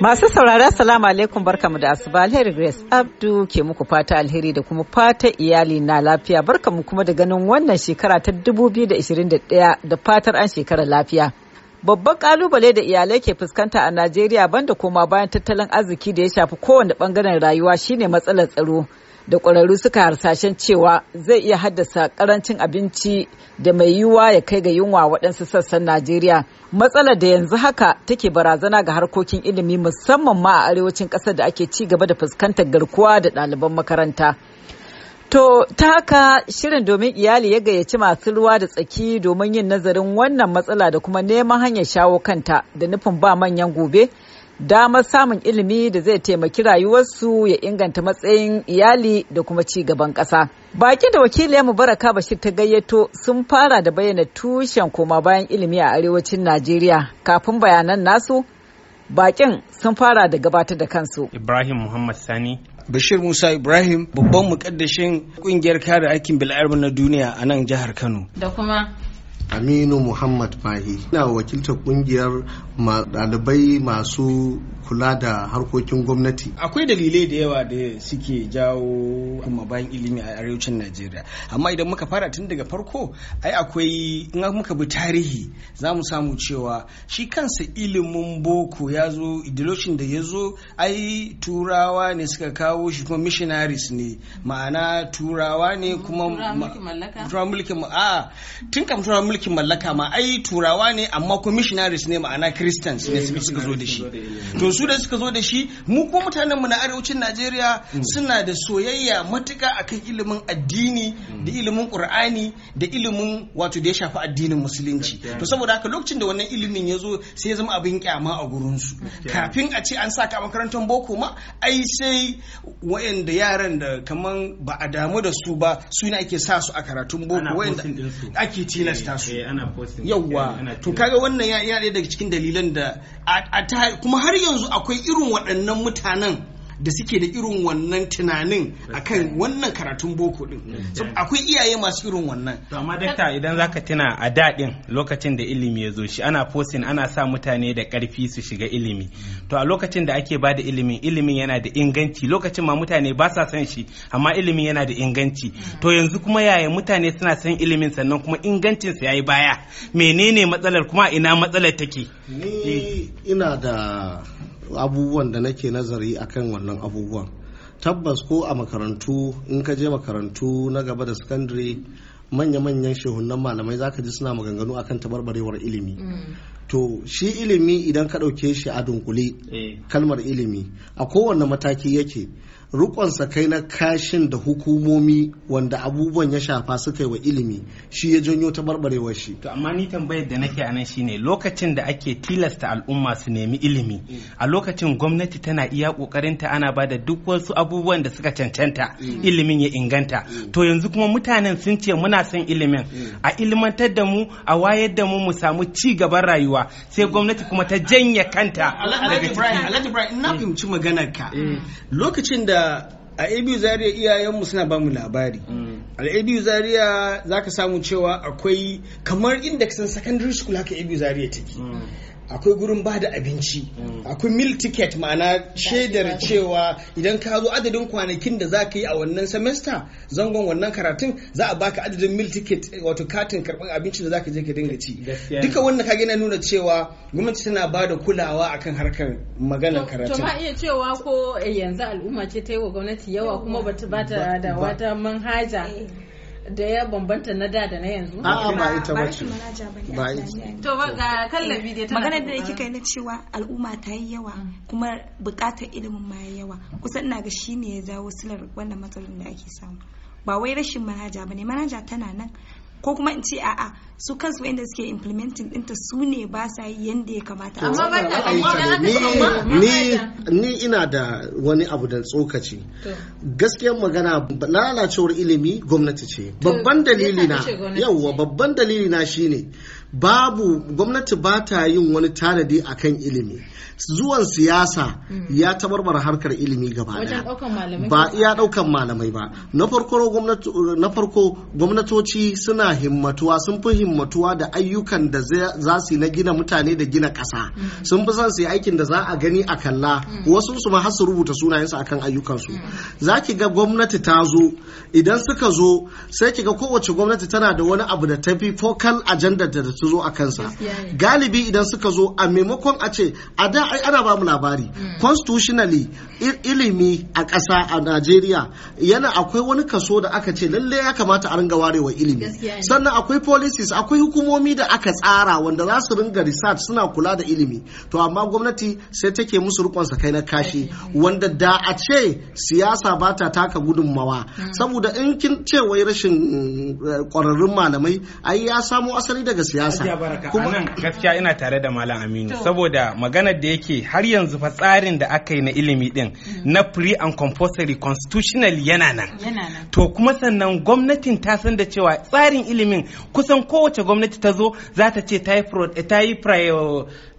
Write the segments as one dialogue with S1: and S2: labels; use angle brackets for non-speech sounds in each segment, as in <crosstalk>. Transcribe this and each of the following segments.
S1: Masu saurara salamu alaikum barkamu da asuba alheri Grace Abdu ke muku fata alheri da kuma fata iyali na lafiya barkamu kuma da ganin wannan shekara ta 2021 da fatar an shekara lafiya. Babban kalubale da iyalai ke fuskanta a Najeriya banda koma bayan tattalin arziki da ya shafi kowane bangaren rayuwa shine matsalar tsaro. da ƙwararru suka harsashen cewa zai iya haddasa ƙarancin abinci da mai yiwuwa ya kai ga yunwa waɗansu sassan Najeriya. Matsalar da yanzu haka take barazana ga harkokin ilimi musamman ma a arewacin ƙasar da ake ci gaba da fuskantar garkuwa da ɗaliban makaranta. To ta haka shirin domin iyali ya gayyaci masu ruwa da tsaki domin yin nazarin wannan matsala da kuma neman hanyar shawo kanta da nufin ba manyan gobe damar samun ilimi da zai taimaki rayuwarsu ya inganta matsayin iyali da kuma ci gaban ƙasa. Bakin da wakiliyar Mubaraka Bashir ta gayyato sun fara da bayyana tushen koma bayan ilimi a arewacin Najeriya kafin bayanan nasu baƙin sun fara da gabatar da kansu.
S2: Ibrahim Muhammad Sani. Bashir Musa Ibrahim babban
S3: mukaddashin kungiyar kare aikin bil'arba na duniya a nan jihar Kano. Da kuma Aminu Muhammad fahi Ina wakiltar kungiyar ɗalibai masu kula da harkokin gwamnati akwai dalilai da yawa da suke jawo kuma bayan ilimi a arewacin najeriya amma idan muka fara tun daga farko ai akwai in muka bi tarihi za mu samu cewa shi kansa ilimin boko ya zo idilocin da ya zo ai turawa ne suka kawo shi kuma missionaries ne ma'ana turawa ne kuma turawa mulkin mallaka tun kam turawa mulkin mallaka ma ai turawa ne amma kuma missionaries ne ma'ana christians ne eh, suka zo da shi to su da suka zo da shi mu kuma mutanen mu na arewacin Najeriya mm. suna da soyayya matuka akan ilimin addini da mm. ilimin Qur'ani da ilimin wato da ya shafi addinin musulunci to saboda haka lokacin da wannan ilimin ya zo sai ya zama abin kyama a gurin su kafin a ce an saka makarantar boko ma ai sai wayanda yaran da kaman ba a damu da su ba su ne ake sa su a karatun boko wayanda ake tilasta eh, su eh, yawwa eh, to kaga wannan ya daga cikin dalilan da kuma har yanzu yanzu akwai irin waɗannan mutanen da suke da irin wannan tunanin akan wannan karatun boko din
S2: akwai iyaye masu irin wannan to amma dakta idan zaka tuna a daɗin lokacin da ilimi ya zo shi ana fosin ana sa mutane da ƙarfi su shiga ilimi to a lokacin da ake bada ilimin ilimin yana da inganci lokacin ma mutane ba sa son shi amma ilimin yana da inganci to yanzu kuma yaya mutane suna san ilimin sannan kuma ingancin sa yayi baya menene matsalar kuma ina matsalar take
S4: ni ina da abubuwan da nake nazari akan wannan abubuwan tabbas ko a makarantu in ka je makarantu na gaba da sakandare manya-manyan shehunan malamai za ka ji suna maganganu akan tabarbarewar ilimi mm. to shi ilimi idan ka ɗauke shi a dunkule eh. kalmar ilimi a kowane mataki yake rukonsa kai na kashin da hukumomi wanda abubuwan ya shafa suka yi wa ilimi shi ya janyo ta barbarewar shi to
S2: amma ni tambayar da nake anan ne lokacin da ake tilasta al'umma su nemi ilimi eh. a lokacin gwamnati tana iya kokarinta ana ba da duk wasu abubuwan da suka cancanta eh. ilimin ya inganta eh. to yanzu kuma mutanen sun ce muna son ilimin a ilimantar da mu a wayar da mu mu samu ci gaban rayuwa sai gwamnati kuma ta janye kanta alhaji ibrahim alhaji ibrahim ina fahimci maganar lokacin da a abu zaria iyayenmu
S3: suna bamu labari mm. a abu zaria za ka samu cewa akwai kamar inda kasan secondary school haka abu zaria take mm. akwai gurin ba da abinci mm. akwai mil ticket ma'ana shaidar cewa idan ka zo adadin kwanakin da za ka yi a wannan semester zangon wannan karatun za a baka adadin mil ticket wato katin karɓar abinci da za ka je ka dinga ci duka wannan kage na nuna cewa gwamnati tana ba da kulawa akan harkar maganar karatun. to ba
S1: iya cewa ko eh, yanzu al'umma ce ta yi wa gwamnati yawa kuma ba ta da wata manhaja eh. da ya bambanta na da da na yanzu a ba ita ba ce ba ita to ga bidiyo dai magana da kika yi na cewa al'umma ta yi yawa mm. kuma bukatar ilimin ma yawa kusan ina ga shi ne ya jawo silar wannan matsalolin da ake samu ba wai rashin manaja bane manaja tana nan ko kuma in ce a'a su kansu wanda suke implementing dinta su ne ba sa yi yanda ya kamata amma ban da ni ni
S4: ina da wani abu da tsokaci gaskiyar magana lalacewar ilimi gwamnati ce babban dalili na yawwa babban dalili na shine babu gwamnati ba ta yin wani tanadi akan ilimi zuwan siyasa mm. ya tabarbara harkar ilimi gaba daya ba iya daukan malamai ba na farko gwamnatoci suna himmatuwa sun fi himmatuwa da ayyukan da za su na gina mutane da gina ƙasa. Mm. sun fi son su yi aikin da za a gani a kalla mm. wasu su ma su rubuta sunayensu akan ayyukansu za ki ga gwamnati ta zo idan suka zo sai ki ga kowace gwamnati tana da wani abu da ta tafi focal agenda da su zo a kansa galibi idan suka zo a maimakon a ce a da ai ana ba mu labari mm. constitutionally ilimi a ƙasa a Najeriya yana akwai wani kaso da aka ce lalle ya kamata a ringa warewa ilimi sannan akwai policies akwai hukumomi da aka tsara wanda za su ringa research suna kula da ilimi to amma gwamnati sai take musu rikon kai na kashi mm. wanda da a ce siyasa ba ta taka gudunmawa mm. saboda in kin ce wai rashin kwararrun eh, malamai ai ya samo asali daga
S2: siyasa nasa kuma nan gaskiya ina tare da malam aminu saboda maganar da yake har yanzu fa tsarin da aka yi na ilimi din mm. na pre and compulsory constitutional yana nan to kuma sannan gwamnatin ta san da cewa tsarin ilimin kusan kowace gwamnati ta zo za ta ce ta yi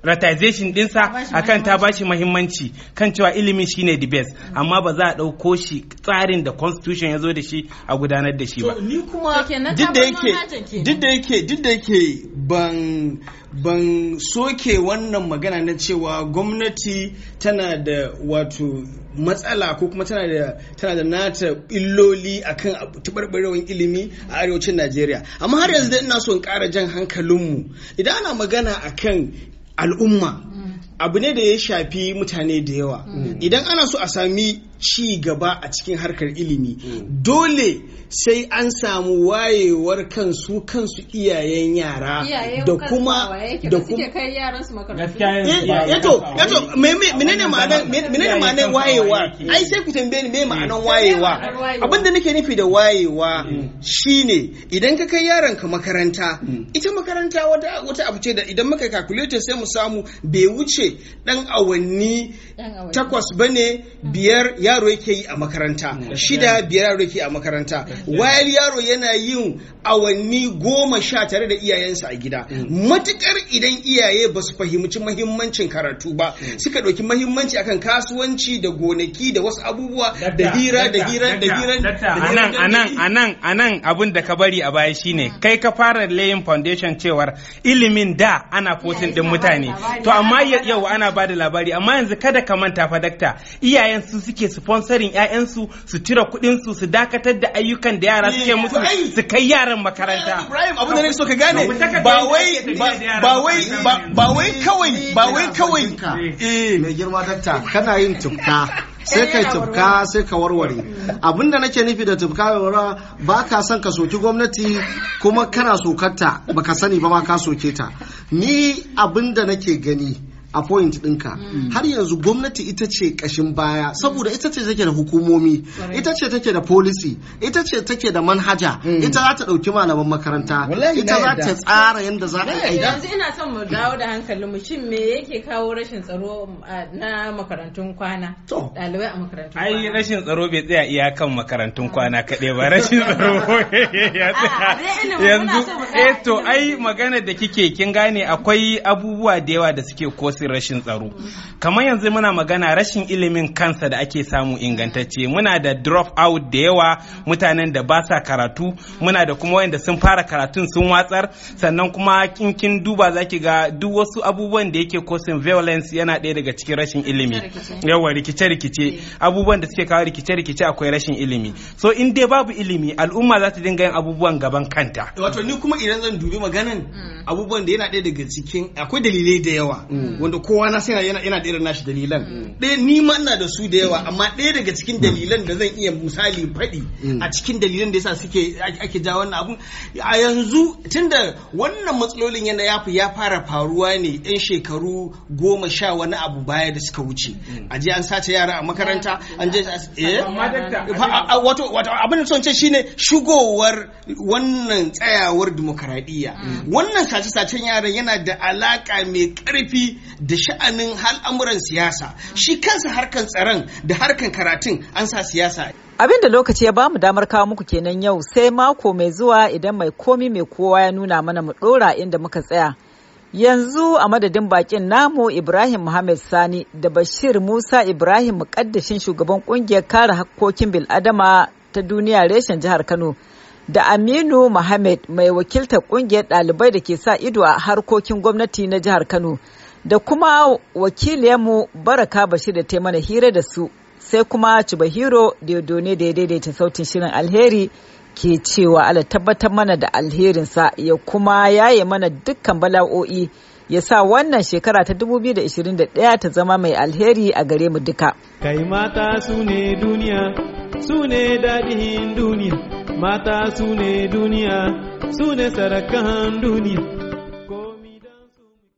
S2: ratization dinsa akan ta bashi mahimmanci kan cewa ilimi shine the best mm-hmm. amma ba za a ɗauko shi tsarin da constitution ya zo da shi a gudanar da shi ba ni kuma duk da yake duk da yake duk da yake
S3: ban ban soke wannan magana na cewa gwamnati tana da wato matsala ko kuma tana da tana da nata illoli akan taɓarɓarewar ilimi a arewacin Najeriya amma har yanzu ina so in ƙara jan hankalinmu idan ana magana akan al'umma mm. abu ne da ya shafi mutane da yawa mm. idan ana so a sami ci gaba a cikin harkar ilimi mm. dole sai an samu wayewar kansu kansu iyayen yara
S1: da kuma da kuma kai yaran su makarantu yato yato menene ma'anar menene ma'anar wayewa
S3: ai sai ku tambaye ni me mm. ma'anar wayewa abinda nake nufi da wayewa shine idan ka kai yaron ka makaranta ita makaranta wata wata abu ce da idan muka calculator sai mu samu bai wuce ce dan awanni takwas ba ne biyar yaro yake yi a makaranta mm. shida biyar yaro yake a makaranta mm. wayar yaro yana yin awanni goma sha tare da iyayensa a gida mm. matukar idan iyaye ba su fahimci mahimmancin karatu ba suka ɗauki mahimmanci akan kasuwanci da gonaki da wasu abubuwa da hira da hira da hira anan
S2: anan anan anan abin da ka bari a baya shine kai ka fara layin foundation cewar ilimin da ana fotin din mutane to amma yau ana ba da labari amma yanzu kada ka manta fa dakta iyayen su suke sponsoring ƴaƴansu su cire kuɗin su su dakatar da ayyukan da yara suke eh, musu su kai yaran makaranta eh, Ibrahim abin da nake so ka gane ba wai ba wai ba wai kawai ba wai kawai eh mai girma
S4: dakta kana yin tufka
S1: sai kai tufka
S4: sai ka warware abinda nake nufi da tufka wara ba ka son ka soki gwamnati kuma kana sokarta baka sani ba ma ka soke ta ni abinda nake gani a point ɗinka mm. har yanzu gwamnati ita ce kashin baya saboda ita ce take da hukumomi ita ce take da policy ita ce take da manhaja mm. ita za ta ɗauki malaman makaranta ita za ta tsara yadda
S2: za a yi yanzu
S1: ina son mu dawo da hankali mu shin me yake kawo rashin tsaro na makarantun kwana ɗalibai a makarantun kwana
S2: ai rashin tsaro bai tsaya iyakan makarantun ah. kwana kaɗai ba rashin tsaro <laughs> ah, yanzu eh to ai magana da kike kin gane akwai abubuwa da yawa da suke kosa dalilin rashin tsaro kamar yanzu muna magana rashin ilimin kansa da ake samu ingantacce muna da drop out da yawa mutanen da ba sa karatu muna da kuma wanda sun fara karatun sun watsar sannan kuma kinkin duba zaki ga duk wasu abubuwan da yake kosin violence yana ɗaya daga cikin rashin ilimi yawa rikice-rikice abubuwan da suke kawo rikice-rikice akwai rashin ilimi so in dai babu ilimi al'umma za ta dinga yin abubuwan gaban kanta wato ni kuma idan zan dubi maganan mm.
S3: abubuwan da yana ɗaya daga cikin akwai dalilai da yawa mm. wanda wanda kowa na sai yana yana da irin nashi dalilan ɗaya ni ma ina da su da yawa amma ɗaya daga cikin dalilan da zan iya misali faɗi a cikin dalilan da yasa suke ake ja wannan abun a yanzu tunda wannan matsalolin yana fi ya fara faruwa ne ɗan shekaru goma sha wani abu baya da suka wuce a je an sace yara a makaranta an je eh? wato abin da son ce shine shigowar wannan tsayawar dimokuraɗiyya mm. wannan sace-sacen yaran yana da alaka mai ƙarfi da sha'anin al'amuran siyasa shi kansa harkan tsaron da harkan karatun an sa siyasa
S1: abin da lokaci ya bamu damar kawo muku kenan yau sai mako mai zuwa idan mai komi mai kowa ya nuna mana mu dora inda muka tsaya yanzu a madadin bakin namu ibrahim muhammad sani da bashir musa ibrahim mukaddashin shugaban kungiyar kare hakkokin bil'adama ta duniya reshen jihar kano da aminu muhammad mai wakiltar kungiyar dalibai da ke sa ido a harkokin gwamnati na jihar kano da kuma wakiliyarmu baraka bashir da ta mana hira da su sai kuma Cibahiro Diodone da ya daidaita sautin shirin alheri ke cewa ala tabbatar mana da alherinsa ya kuma yaye mana dukkan bala'o'i ya sa wannan shekara ta 2021 ta zama mai alheri a gare mu duka. Kai
S2: mata su ne duniya, su ne daɗin duniya, mata su ne duniya, su ne sarakan duniya.